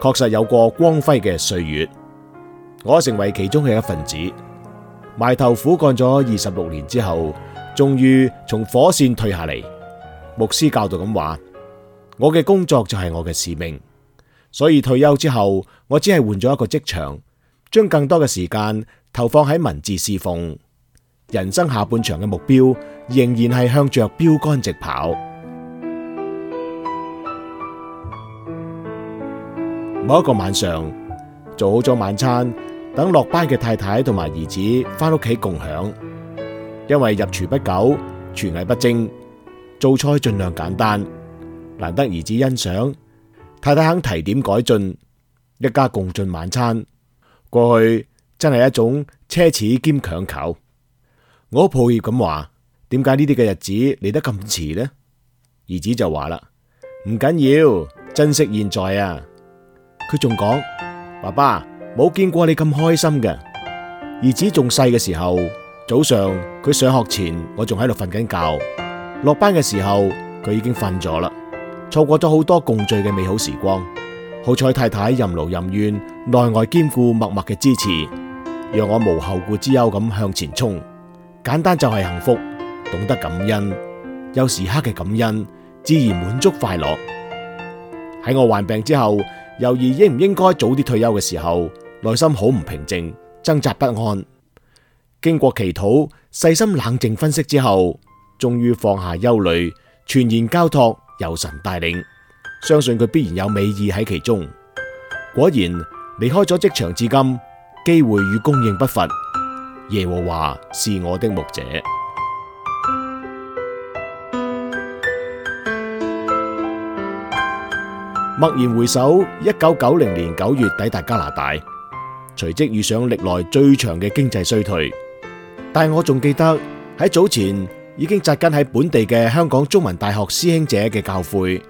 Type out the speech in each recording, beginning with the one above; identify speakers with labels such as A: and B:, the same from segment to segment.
A: 確實有過光輝嘅歲月，我成為其中嘅一份子，埋頭苦幹咗二十六年之後，終於從火線退下嚟。牧師教導咁話：我嘅工作就係我嘅使命，所以退休之後，我只係換咗一個職場，將更多嘅時間投放喺文字侍奉。人生下半場嘅目標，仍然係向著標竿直跑。某一個晚上做好咗晚餐，等落班嘅太太同埋兒子翻屋企共享。因為入廚不久，廚藝不精，做菜盡量簡單，難得兒子欣賞，太太肯提點改進，一家共進晚餐。過去真係一種奢侈兼強求。我好抱歉咁話，點解呢啲嘅日子嚟得咁遲呢？」兒子就話啦，唔緊要，珍惜現在啊。佢仲講：爸爸冇見過你咁開心嘅。兒子仲細嘅時候，早上佢上學前，我仲喺度瞓緊覺；落班嘅時候，佢已經瞓咗啦，錯過咗好多共聚嘅美好時光。好彩太太任勞任怨，內外兼顧，默默嘅支持，讓我無後顧之憂咁向前衝。簡單就係幸福，懂得感恩，有時刻嘅感恩，自然滿足快樂。喺我患病之後。猶豫應唔應該早啲退休嘅時候，內心好唔平靜，掙扎不安。經過祈禱、細心冷靜分析之後，終於放下憂慮，全然交托由神帶領，相信佢必然有美意喺其中。果然，離開咗職場至今，機會與供應不乏。耶和華是我的牧者。默然回首，一九九零年九月抵達加拿大，隨即遇上歷來最長嘅經濟衰退。但我仲記得喺早前已經扎根喺本地嘅香港中文大學師兄姐嘅教誨，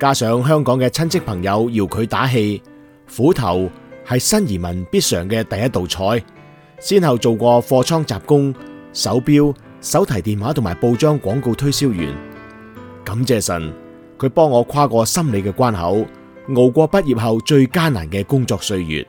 A: 加上香港嘅親戚朋友要佢打氣，苦頭係新移民必嘗嘅第一道菜。先後做過貨倉雜工、手錶、手提電話同埋報章廣告推銷員。感謝神。佢幫我跨過心理嘅關口，熬過畢業後最艱難嘅工作歲月。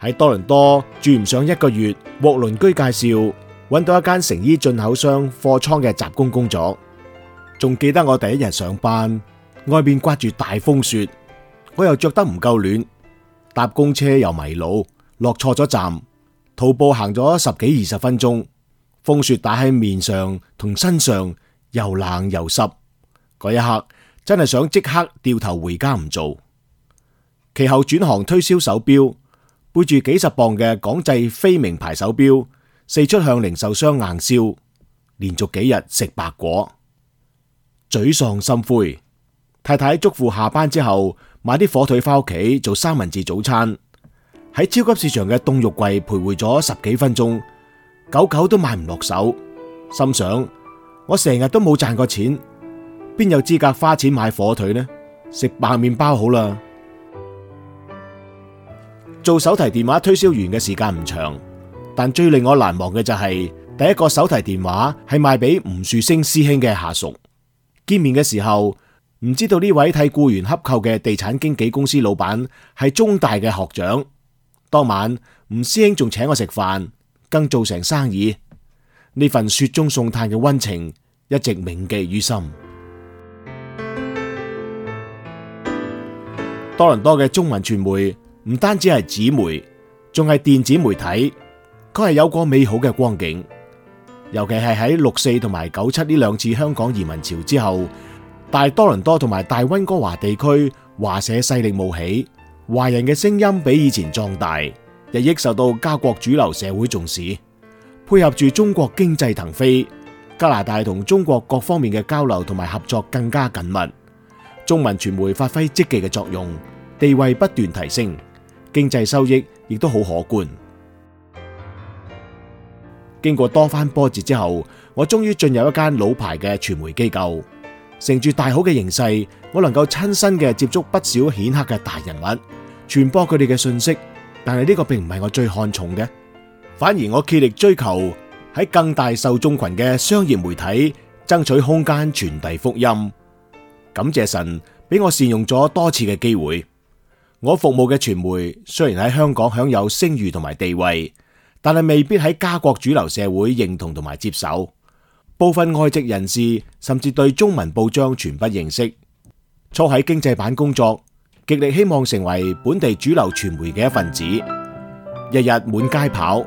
A: 喺多倫多住唔上一個月，獲鄰居介紹，揾到一間成衣進口商貨倉嘅雜工工作。仲記得我第一日上班，外邊刮住大風雪，我又着得唔夠暖，搭公車又迷路，落錯咗站，徒步行咗十幾二十分鐘，風雪打喺面上同身上。又冷又濕，嗰一刻真係想即刻掉頭回家唔做。其後轉行推銷手錶，背住幾十磅嘅港製非名牌手錶，四出向零售商硬銷，連續幾日食白果，沮喪心灰。太太囑咐下班之後買啲火腿翻屋企做三文治早餐，喺超級市場嘅凍肉櫃徘徊咗十幾分鐘，久久都買唔落手，心想。我成日都冇賺過錢，邊有資格花錢買火腿呢？食白麵包好啦。做手提電話推銷員嘅時間唔長，但最令我難忘嘅就係、是、第一個手提電話係賣俾吳樹升師兄嘅下屬。見面嘅時候，唔知道呢位替僱員洽購嘅地產經紀公司老闆係中大嘅學長。當晚，吳師兄仲請我食飯，更做成生意。呢份雪中送炭嘅溫情。一直銘記於心。多倫多嘅中文傳媒唔單止係紙媒，仲係電子媒體，佢係有過美好嘅光景。尤其係喺六四同埋九七呢兩次香港移民潮之後，大多倫多同埋大溫哥華地區華社勢力冒起，華人嘅聲音比以前壯大，日益受到加國主流社會重視，配合住中國經濟騰飛，加拿大同中國各方面嘅交流同埋合作更加緊密，中文傳媒發揮積極嘅作用，地位不斷提升，經濟收益亦都好可觀。經過多番波折之後，我終於進入一間老牌嘅傳媒機構。乘住大好嘅形勢，我能夠親身嘅接觸不少顯赫嘅大人物，傳播佢哋嘅信息。但係呢個並唔係我最看重嘅，反而我竭力追求。喺更大受眾群嘅商業媒體爭取空間，傳遞福音。感謝神俾我善用咗多次嘅機會。我服務嘅傳媒雖然喺香港享有聲譽同埋地位，但係未必喺加國主流社會認同同埋接受。部分外籍人士甚至對中文報章全不認識。初喺經濟版工作，極力希望成為本地主流傳媒嘅一份子，日日滿街跑。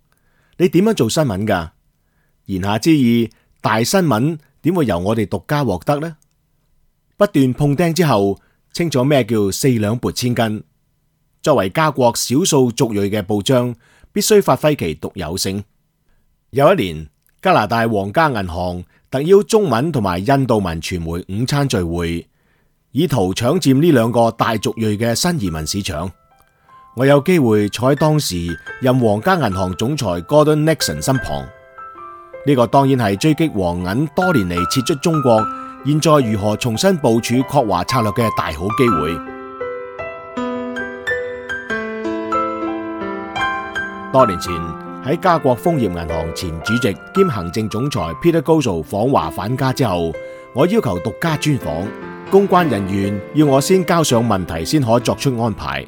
A: 你點樣做新聞噶？言下之意，大新聞點會由我哋獨家獲得呢？不斷碰釘之後，清楚咩叫四兩撥千斤。作為加國少數族裔嘅報章，必須發揮其獨有性。有一年，加拿大皇家銀行特邀中文同埋印度文傳媒午餐聚會，以圖搶佔呢兩個大族裔嘅新移民市場。我有機會坐喺當時任皇家銀行總裁 Gordon Nixon 身旁，呢個當然係追擊黃銀多年嚟撤出中國，現在如何重新部署擴華策略嘅大好機會。多年前喺加國豐業銀行前主席兼行政總裁 Peter Godsoe 訪華返家之後，我要求獨家專訪，公關人員，要我先交上問題先可作出安排。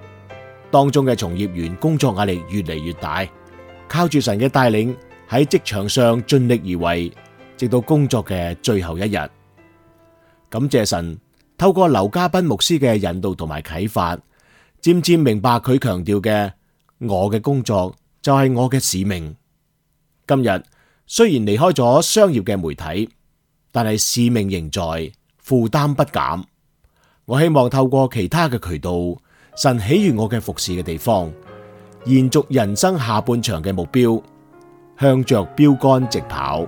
A: 當中嘅從業員工作壓力越嚟越大，靠住神嘅帶領喺職場上盡力而為，直到工作嘅最後一日。感謝神，透過劉家賓牧師嘅引導同埋啟發，漸漸明白佢強調嘅，我嘅工作就係我嘅使命。今日雖然離開咗商業嘅媒體，但係使命仍在，負擔不減。我希望透過其他嘅渠道，神喜悅我嘅服侍嘅地方，延續人生下半場嘅目標，向着標竿直跑。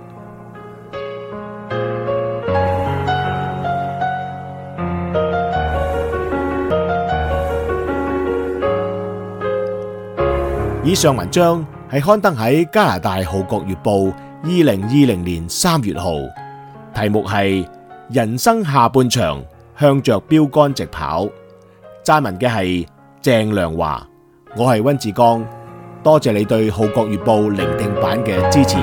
A: 以上文章係刊登喺加拿大《號角月報》二零二零年三月號，題目係《人生下半場，向着標竿直跑》。撰文嘅係鄭良華，我係溫志剛，多謝你對《號角月報》聆聽版嘅支持。